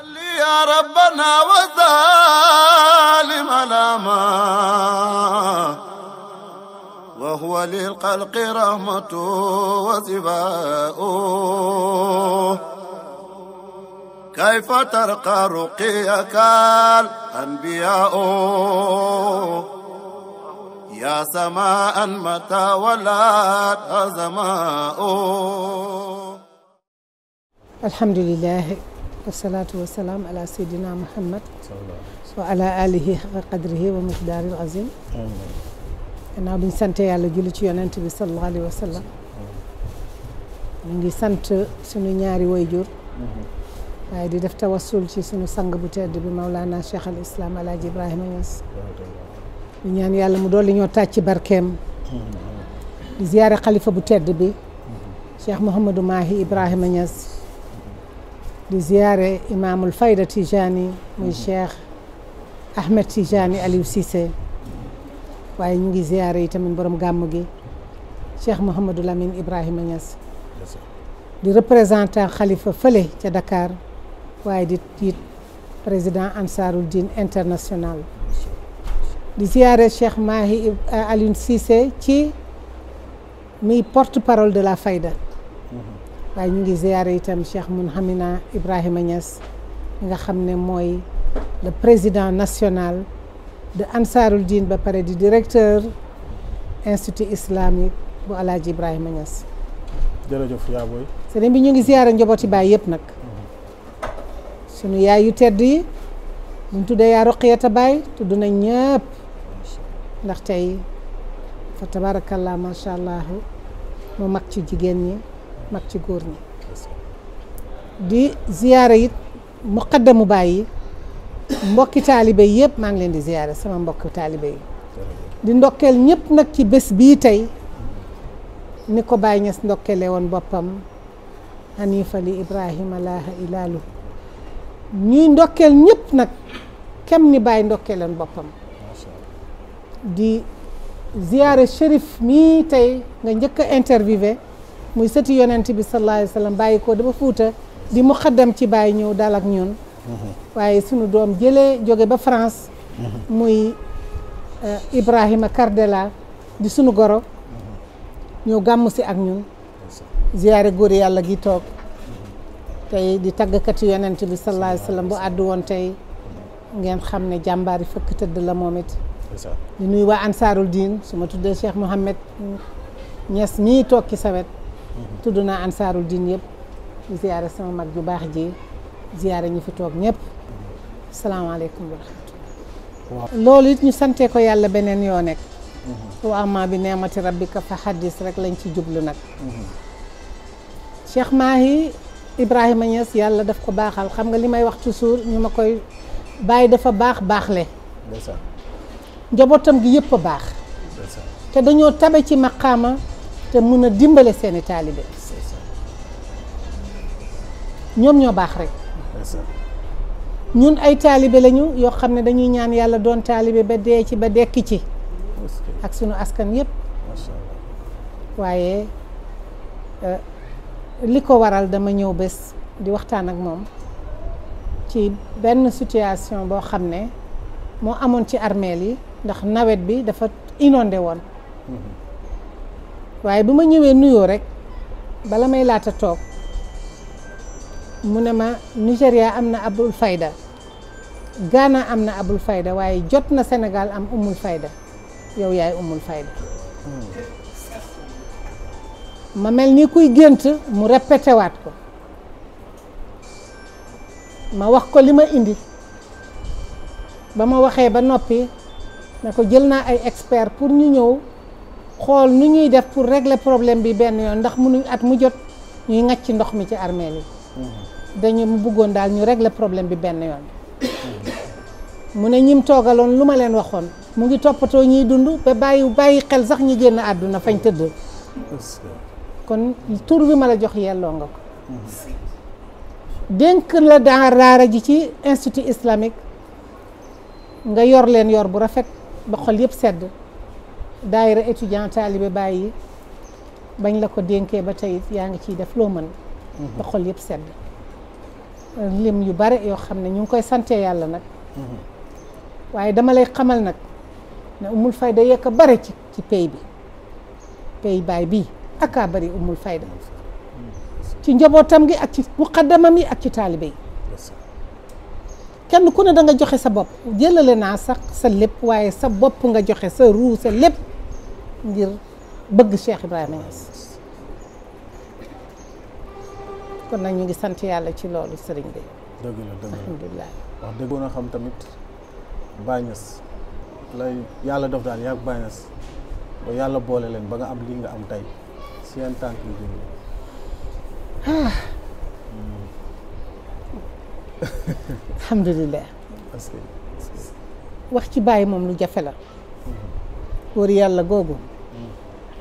صلي يا ربنا وسلم على ما وهو للخلق رحمة وزباء كيف ترقى رقيك الأنبياء يا سماء متى ولات أزماء الحمد لله wasalaatu wasalaam ala sayyidina muhammad wa ala alihi xaqa qadrihi wa miqdaaril azim gannaaw bi ñu sante yàlla julli ci yonent bi sallallahu alayhi ngi sant sunu ñaari wayjur mhm. waaye di def tawassul ci sunu sang bu tedd bi Mawlana Cheikh al Islam Alaaji Ibrahima Niass ñu ñaan yàlla mu dolli ñoo tàcc barkeem di ziyaare xalifa bu tedd bi mhm. Cheikh Mouhamadou Mahi Ibrahima Niass di ziyaare imaamul fayda Tijani muy cheikh Ahmed Tijani Aliou Cissé waaye ñu ngi ziyaare yi tamit borom gàmm gi cheikh Mouhamadou Lamine Ibrahima Niass di représentant xalifa fële ca Dakar waaye di it président Ansarul Din international di ziyaare cheikh Mahi Aliou Cissé ci mi porte parole de la fayda waaye ñu ngi ziyaare itam Cheikh Mounhamina Ibrahima Niass nga xam ne mooy le président national de Ansarul Dine ba pare di directeur institut islamique bu Alaaji Ibrahima Niass. jërëjëf yaa booy. sëriñ bi ñu ngi ziyaare njabooti baay yëpp nag. sunu yaay yu tedd yi buñ tuddee yaa roqiyata baay tudd na ñëpp ndax tey fa tabarakallah macha allah mu mag ci jigéen ñi. mag ci góor ñi di ziyaara it muqaddamu bàyyi mbokki taalibe yëpp maa ngi leen di ziyaara sama mbokki taalibe yi di ndokkeel ñëpp nag ci bés bii tey ni ko bàyyi Niass ndokkele woon boppam Hanifa li Ibrahima laaha ilaalu ñuy ndokkeel ñëpp nag kem ni bàyyi ndokkeeloon boppam di ziyaara Chérif mii tey nga njëkk a interviewé muy sëti yonent bi sallallahu alayhi wa sallam bàyyi ko dafa fuuta di mu ci bàyyi ñëw dal ak ñun mhm. waaye sunu doom jële jóge ba France mhm. muy euh, Ibrahima Cardella di sunu goro mhm. ñëw gàmm si ak ñun ziyaare góor yàlla gi toog tey di taggkati yonent bi sallallahu alayhi wa bu àddu woon tey ngeen xam ne jàmbaar yi fëkk tëdd la moom it di nuyu waa Ansaarul Diin su ma tuddee Cheikh Mouhamed Niass ñii toog ci sawet tudd naa ansaarul din yëpp ziyaare sama mag ju baax ji ziyaare ñu fi toog ñëpp salaamaaleykum wa rahmatulah loolu it ñu santee ko yàlla beneen yoo nekk mm-hmm. wa amma bi neemati rabbika fa xaddis rek lañ ci jublu nag mm-hmm. Cheikh Mahi Ibrahima Niass yàlla daf ko baaxal xam nga li may wax toujours ñu ma koy bàyyi dafa baax baaxle njabootam gi yëpp baax te dañoo tabe ci maqaama te mën a dimbale seeni taalibe ñoom ñoo baax rek ñun ay taalibe lañu yoo xam ne dañuy ñaan yàlla doon taalibe ba dee ci ba dekk ci ak sunu askan yépp waaye euh, li ko waral dama ñëw bés di waxtaan ak moom ci benn situation boo xam ne moo amoon ci armeel yi ndax nawet bi dafa inondé woon waaye bi ma ñëwee nuyoo rek bala may laata toog mu ne ma nigeria am na abul fayda Ghana am na abul fayda waaye jot na senegal am umul fayda yow yaay umul fayda ma mel ni kuy gént mu répété waat ko ma wax ko li ma indi ba ma waxee ba noppi ne ko jël naa ay expert pour ñu ñëw xool nu ñuy def pour régler problème bi benn yoon ndax mënuñ at mu jot ñuy ŋàcc ndox mi ci armeel yi dañu mu buggoon daal ñu régler problème bi benn yoon mu ne ñim toogaloon lu ma leen waxoon mu ngi toppatoo ñuy dund ba bàyyi bàyyi xel sax ñi génn àdduna fañ tëdd kon tur bi ma la jox yelloo nga ko dénk la daara ji ci institut islamique nga yor leen yor bu rafet ba xol yëpp sedd daayira étudiant taalibe bàyyi bañ la ko dénkee ba tey yaa ngi ciy def loo mën mhm. ba xol yëpp sedd lim yu bare yoo xam ne ñu ngi koy santee yàlla nag mhm. waaye dama lay xamal nag ne umul fayda yekk a bare ci ci pay bi pay baay bii akaa bari umul fayda mhm. ci njabootam gi ak ci muqaddamam yi ak ci taalibe yi kenn ku ne danga joxe sa bopp jëlale naa sax sa lépp waaye sa bopp nga joxe sa ruu sa lépp ngir bëgg Cheikh Ibrahima Niass ñu ngi sant yàlla ci loolu sëriñ bi. dëgg la dëgg la alhamdulilah. wax dëgg a xam tamit Baye Niass lay yàlla def daal yaa Baye ba yàlla boole leen ba nga am lii nga am tey seen tànk yu ah. alhamdulilah. parce que wax ci bàyyi moom lu jafe la. wër yàlla googu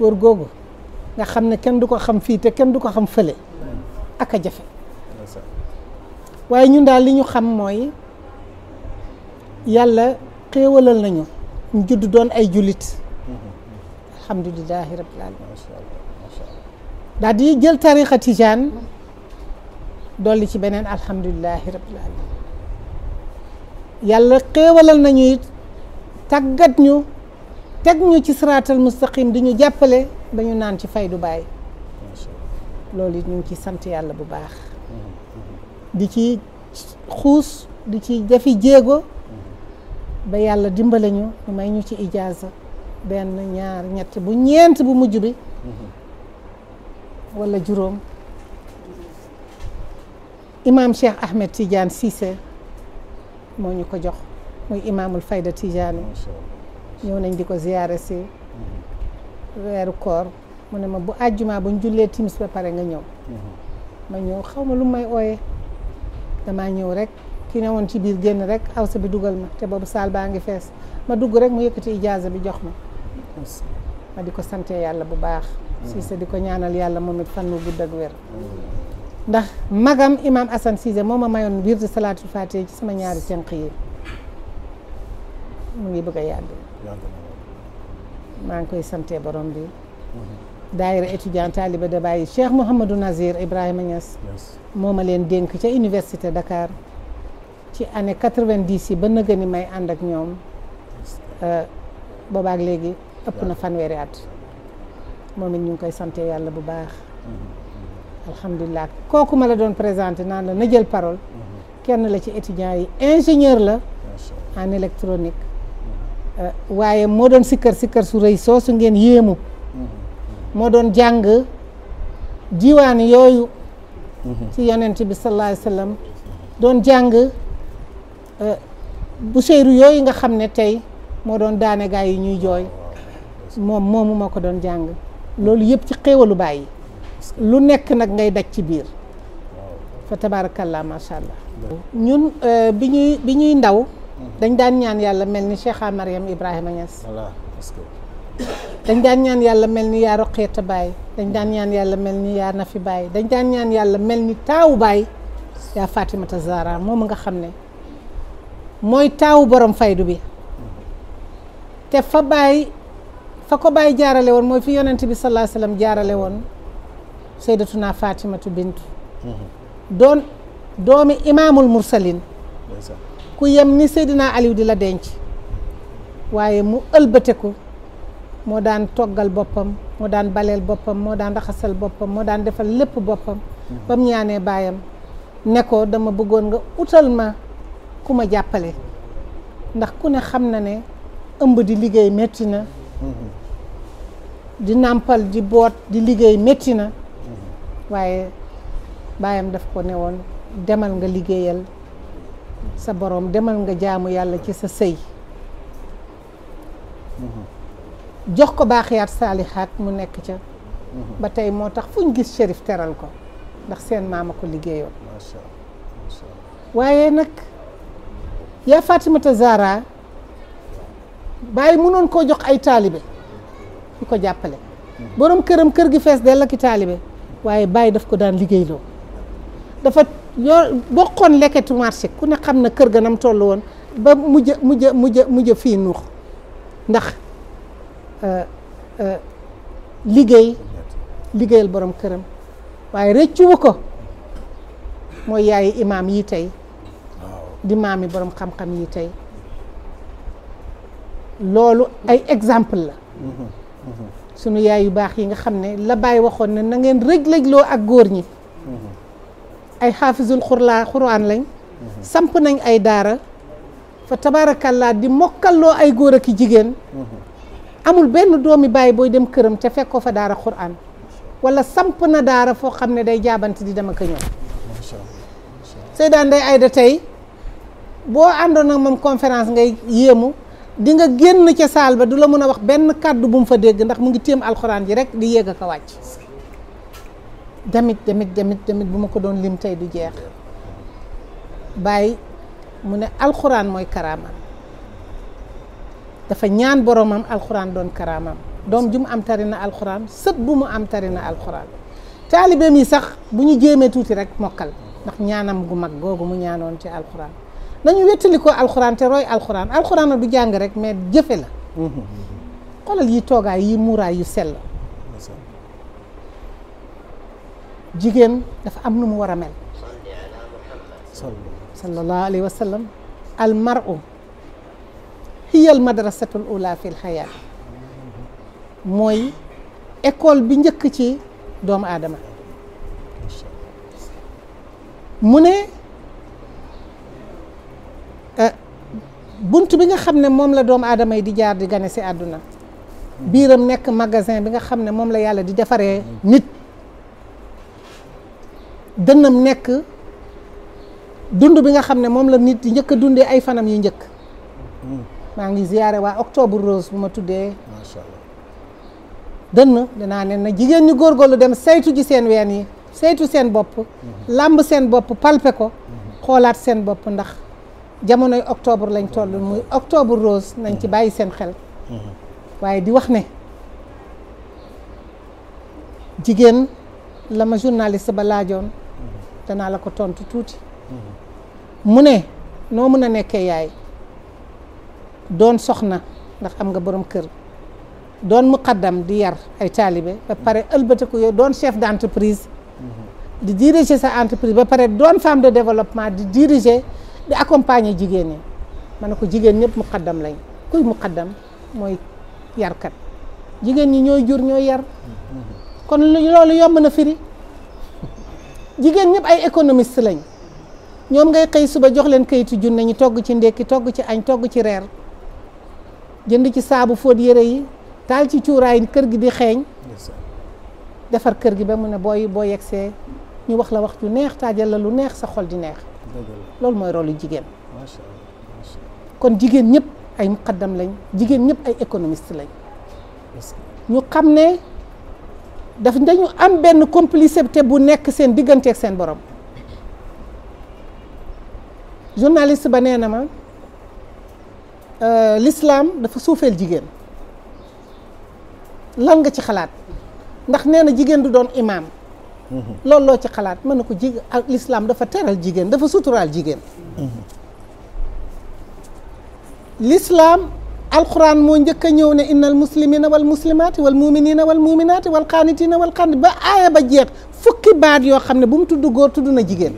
wër googu nga xam ne kenn du ko xam fii te kenn du ko xam fële ak jafe waaye ñun daal li ñu xam mooy yàlla xéewalal nañu ñu judd doon ay jullit alhamdulilahi rabbil alamin daal di jël tariqa tijaan ci beneen alhamdulilahi rabbil yàlla xéewalal nañu it ñu teg ñu ci siraatal mustaqim di ñu jàppale ba ñu naan ci fay du bàyyi loolu it ñu ngi ci sant yàlla bu baax di ci xuus di ci jafi jéego ba yàlla dimbale ñu ñu may ñu ci ijaaza benn ñaar ñett bu ñeent bu mujj bi wala juróom imaam Cheikh Ahmed Tidiane Cissé moo ñu ko jox muy imaamul fayda Tidiane ñëw nañ di ko ziyaare si weeru koor mu ne ma bu àjjuma buñ jullee timis ba pare nga ñëw mm-hmm. ma ñëw xaw ma lu may ooyee damaa ñëw rek ki ne woon ci biir génn rek awsa bi dugal ma te boobu saal baa ngi fees ma dugg rek mu yëkkati ijaaza bi jox ma ma di ko sante yàlla bu baax mm-hmm. si Cissé di ko ñaanal yàlla moom it fan mu gudd ak wér mm-hmm. ndax magam imam Assane Cissé moo ma mayoon biir wirdu salaatul faatiha ci sama ñaari cënq yi mu ngi bëgg a yàgg maa ngi koy sante borom bi mhm. daayira étudiant taaliba da bàyyi Cheikh Mouhamadou Nazir Ibrahima ñas moom a leen dénk ci université Dakar ci année quatre-vingt-dix yi ba nëgë ni may ànd ñoom euh, boobaak léegi ëpp na fanweeri at moom it ñu ngi koy sante yàlla bu baax mhm. Mhm. alhamdulilah kooku ma la doon présenté naan la na jël parole kenn la ci étudiants yi ingénieur la en électronique Euh, waaye moo doon sikkar sikkar su rëy soosu ngeen yéemu mm-hmm. moo doon jàng diwaan yooyu mm-hmm. ci yonent bi sallallahu alayhi doon jàng euh, bu seyru yooyu nga xam ne tey moo doon daane gaa yi ñuy jooy moom moomu moo ko doon jàng loolu yëpp ci xéewalu bàyyi lu nekk nag ngay daj ci biir fa tabarakallah macha allah ñun euh, bi ñuy bi ñuy ndaw dañ daan ñaan yàlla mel ni Cheikha Mariam Ibrahima Niass. voilà dañ daan ñaan yàlla mel ni yaa Roqeeta Baye dañ daan ñaan yàlla mel ni yaa Nafi bàyyi dañ daan ñaan yàlla mel ni taawu Baye yaa Fatimata Zahra moom nga xam ne mooy taawu borom faydu bi te fa Baye fa ko Baye jaarale woon mooy fi yonent bi sallallahu alayhi wasallam jaarale woon Sayyidatuna Fatimatu Bintu mhm. doon doomi imaamul mursalin ku yem ni Seydina Aliou di la denc waaye mu ëlbateku moo daan toggal boppam moo daan baleel boppam moo daan raxasal boppam moo daan defal lépp boppam mhm. ba mu ñaanee baayam ne ko dama bëggoon nga utal ma ku ma jàppale ndax ku ne xam na ne ëmb di liggéey métti na mhm. di nàmpal di boot di liggéey métti na mhm. waaye baayam daf ko ne woon demal nga liggéeyal sa boroom demal nga jaamu yàlla ci sa sëy jox ko baaxiyaat saalixaat mu nekk ca ba tey moo tax fu ñu gis shérif teral ko ndax seen maama ko liggéeyoon waaye nag yaa Fatimata Zahra bàyyi mënoon koo jox ay taalibe yu ko jàppale boroom këram kër gi fees dell ak i taalibe waaye bàyyi daf ko daan liggéeyloo dafa yoo bokkoon leketu marché ku ne xam na kër ga nam toll woon ba mujj mujj mujj mujj fii nuux ndax euh, euh, liggéey liggéeyal borom këram waaye rëccuwu ko mooy yaay imaam yi tey di yi boroom xam-xam yi tey loolu ay exemple la sunu yaay yu baax yi nga xam ne la bàyyi waxoon ne na ngeen rëj-rëjloo ak góor ñi ay xaafisul xurlaa xuraan lañ samp nañ ay daara fa tabaarakallaa di mokkalloo ay góor ak jigéen amul benn doomi bàyyi booy dem këram te fekkoo fa daara xuraan wala samp na daara foo xam ne day jaabante di dem ak a ñëw Seydaan Ndeye Aida tey boo àndoon ak moom conférence ngay yéemu di nga génn ca saal ba du la mën a wax benn kàddu bu mu fa dégg ndax mu ngi téem alxuraan ji rek di yéeg ak a wàcc damit damit damit damit bu ma ko doon lim tey du jeex bàyyi mu ne alxuraan mooy karaamam dafa ñaan boromam alxuraan doon karaamam doom ju mu am tari na alxuraan sët bu mu am tari na alxuraan taalibeem yi sax bu ñu jéemee tuuti rek mokkal ndax ñaanam gu mag googu mu ñaanoon ci alxuraan nañu wettali ko alxuraan te roy alxuraan alxuraan du jàng rek mais jëfe la mm-hmm. xoolal yi toogaay yi muuraay yu sell jigéen dafa am nu mu war a mel sallallahu alayhi wa sallam al mar'u hiya al madrasatul ula fi l mooy école bi njëkk ci doomu aadama mu ne eh, bunt bi nga xam ne moom la doomu aadama yi di jaar di gane si àdduna biiram nekk magasin bi nga xam ne moom la yàlla di defaree nit dënnam nekk dund bi nga xam ne moom la nit di njëkk a dundee ay fanam yu njëkk maa ngi ziyaare waa octobre rose bu ma tuddee macha allah dënn dinaa ne na jigéen ñi góorgóorlu dem saytu ji seen ween yi saytu seen bopp mhm. làmb seen bopp palpe ko mhm. xoolaat seen bopp ndax jamonoy octobre lañ toll muy octobre rose nañ ci mhm. bàyyi seen xel waaye di wax ne jigéen la ma journaliste ba laajoon danaa la ko tontu tuuti mu ne noo mën a nekkee yaay doon soxna ndax am nga borom kër doon muqaddam di yar ay taalibe ba pare ëlbatiku yow doon chef d'entreprise di diriger sa entreprise ba pare doon femme de développement di diriger di accompagner jigéen ñi ma ne ko jigéen ñëpp muqaddam lañ kuy muqaddam mooy yarkat jigéen ñi ñooy jur ñooy yar kon loolu yomb na firi jigéen ñëpp ay économiste lañ ñoom ngay xëy suba jox leen kayitu junne ñu togg ci ndekki togg ci añ togg ci reer jënd ci saabu fóot yére yi taal ci cuuraay kër gi di xeeñ defar kër gi ba mu ne booy boo yegsee ñu wax la wax ju neex taajal la lu neex sa xol di neex loolu mooy rolu jigéen kon jigéen ñëpp ay muqaddam lañ jigéen ñëpp ay économiste lañ ñu xam ne daf dañu am benn complicité bu nekk seen diggante ak seen borom journaliste ba nee na ma euh, lislaam dafa suufeel jigéen lan nga ci xalaat ndax nee na jigéen du doon imaam mm-hmm. loolu loo ci xalaat mën na ko jig ak lislaam dafa teral jigéen dafa suturaal jigéen mm-hmm. l'islam alxuraan moo njëkk a ñëw ne innal muslimina wal muslimaati wal muminina wal muminaati wal qaanitina wal qaanit ba aaya ba jeex fukki baat yoo xam ne bu tudd góor na jigéen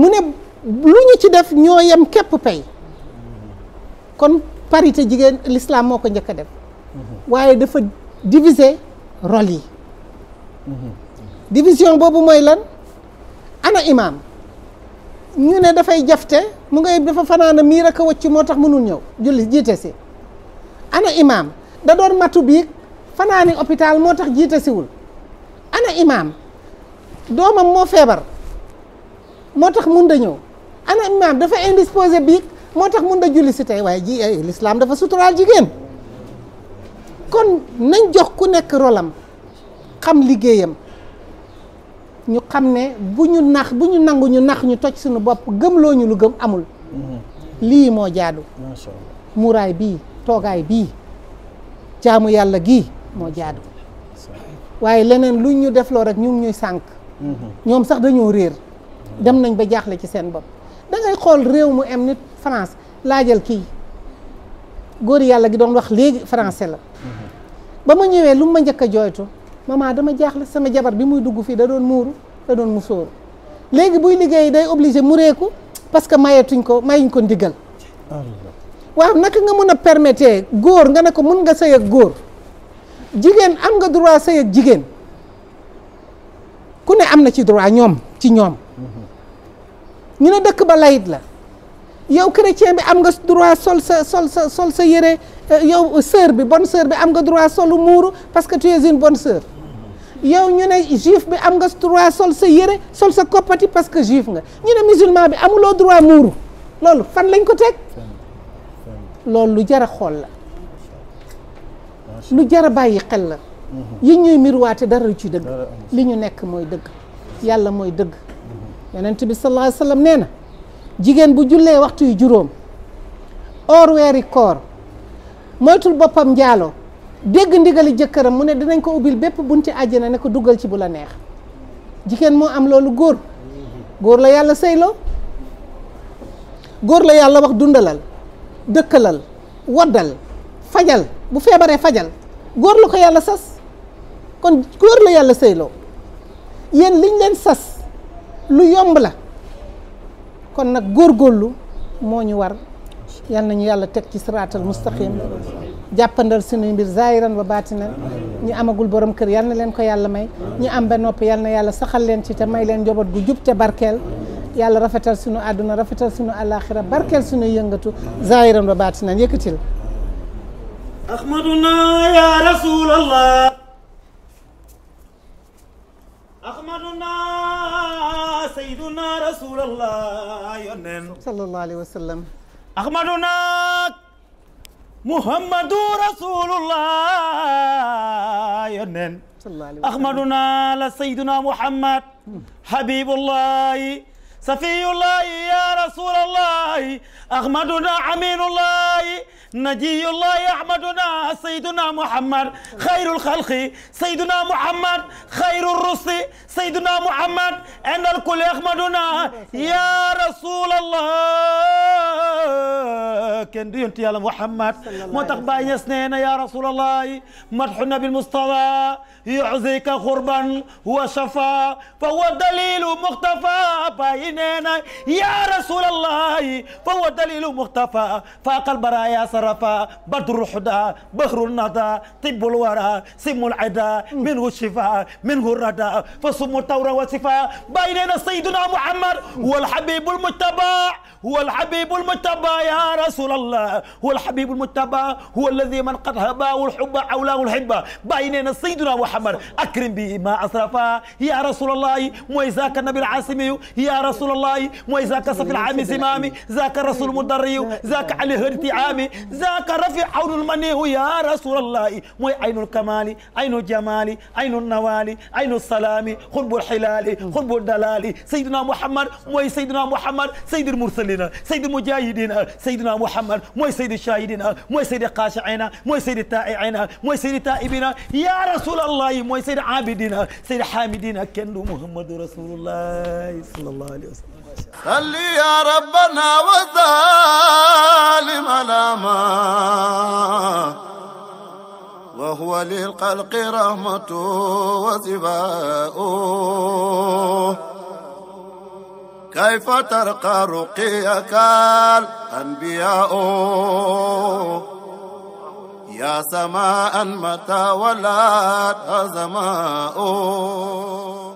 mu ne ci def ñoo yem képp pay kon parité jigéen l'islam moo njëkk a def waaye dafa diviser rôle yi mhm. division boobu mooy lan ana imam ñu ne dafay jafte mu ngay dafa fanaana miir ak a wëcc moo tax mënul ñëw julli jiite si ana imaam da doon matu biig fanaani hôpital moo tax jiite siwul ana imaam doomam moo feebar moo tax mun da ñëw ana imaam dafa indisposé biig moo tax mun da julli si tey waaye ji eh, lislaam dafa suturaal jigéen kon nañ jox ku nekk rolam xam liggéeyam ñu xam ne bu ñu nax bu ñu nangu ñu nax ñu toj suñu bopp gëm loo ñu lu gëm amul mm-hmm. lii moo jaadu macha muuraay bii toogaay bii jaamu yàlla gii moo jaadu waaye leneen lu ñu defloo rek ñu ñuy sànq mm-hmm. ñoom sax dañoo réer mm-hmm. dem nañ ba jaaxle ci seen bopp dangay xool réew mu am nit France laajal kii góor yàlla gi doon wax léegi français la ba ma ñëwee lu ma njëkk a jooytu maman dama jaaxle sama jabar bi muy dugg fii da doon muuru da doon musóoru léegi buy liggéey day obligé mu réeku parce que mayetuñ ko mayuñ ko ndigal waaw naka nga mën a permettre góor nga ne ko mën nga sëy góor jigéen am nga droit sëy jigéen ku ne am na ci droit ñoom ci ñoom mm-hmm. ñu ne dëkk ba layit la yow chrétien bi am nga droit sol sa sol sa sol sa yére euh, yow sœur bi bon sœur bi am nga droit solu muuru parce que tu es une bonne yow ñu ne juif bi am nga droit sol sa yére sol sa koppati parce que juif nga ñu ne musulman bi amuloo droit muuru loolu fan lañ ko teg loolu lu jar a xool la lu jar a bàyyi xel la mhm. yi ñuy mirwaate dara lu ci dëgg li ñu nekk mooy dëgg yàlla mooy dëgg yonent bi sallallahu alayhi wasallam nee na jigéen bu jullee waxtu yu juróom or weeri koor moytul boppam njaaloo dégg ndigali jëkkëram mu ne dinañ ko ubbil bépp bunti àjjana ne ko duggal ci bu la neex jigéen moo am loolu góor góor la yàlla sëyloo góor la yàlla wax dundalal dëkkalal waddal fajal bu feebaree fajal góor la ko yàlla sas kon góor la yàlla sëyloo yéen liñ leen sas lu yomb la kon nag góorgóorlu moo ñu war yal nañu yàlla teg ci siraatal mustaqim jàppandal suñuy mbir zaayiran wa baatinan ñi amagul borom kër yal na leen ko yàlla may ñi am ba noppi yal na yàlla saxal leen ci te may leen njaboot gu jub te barkeel yàlla rafetal suñu àdduna rafetal suñu àllaaxira barkeel suñu yëngatu zaayiran wa baatinan yëkkatil ahmaduna ya rasulallah ahmaduna sayyiduna muhammadu rasulullah yonen ahmaduna la sayyiduna muhammad hmm. habibullahi safiyullahi ya rasulallahi ahmaduna aminullahi najiyullahi ahmaduna sayduna muhammad xayrul xalqi sayduna muhammad xayrul rusli sayduna muhammad endal kulli ahmaduna ya rasulallah kenn du yontu yàlla muhammad moo tax Baay Ñas nee na ya rasulallahi madhu nabil mustafa yuzika xurban wa shafa fa huwa dalilu muxtafa bi nee na yaa rasulallahi fa huwa dalilu muxtafa faaqal baraya sarafa badrul huda bahrul nada tibbul wara simul ada minhu shifa minhu rada fa sumu tawra wa sifa bàyyi nee na sayyiduna muhammad wal habibul mujtaba هو الحبيب المجتبى يا رسول الله هو الحبيب المجتبى هو الذي من قد هباه الحب أولاه الحب بيننا سيدنا محمد أكرم به ما أسرفا يا رسول الله موي ذاك النبي العاصمي يا رسول الله موي ذاك صف العام زمامي ذاك الرسول المدري ذاك علي هرتي عامي ذاك رفيع عون المنيه يا رسول الله موي عين الكمال عين الجمال عين النوال عين السلام خنب الحلال خنب الدلال سيدنا محمد موي سيدنا محمد سيد المرسلين mursalina saydi mujahidina saydina muhammad mooy saydi shahidina mooy saydi qaashiina mooy saydi taa'iina mooy saydi taa'ibina ya rasulallahi mooy saydi abidina saydi hamidina kenn du muhammadu rasulullahi sallallahu alayhi wa sallam salli ya rabbana wa zalim alama wa huwa lil khalqi rahmatu wa sifaa كيف ترقى رقيك الأنبياء يا سماء متى ولات زماء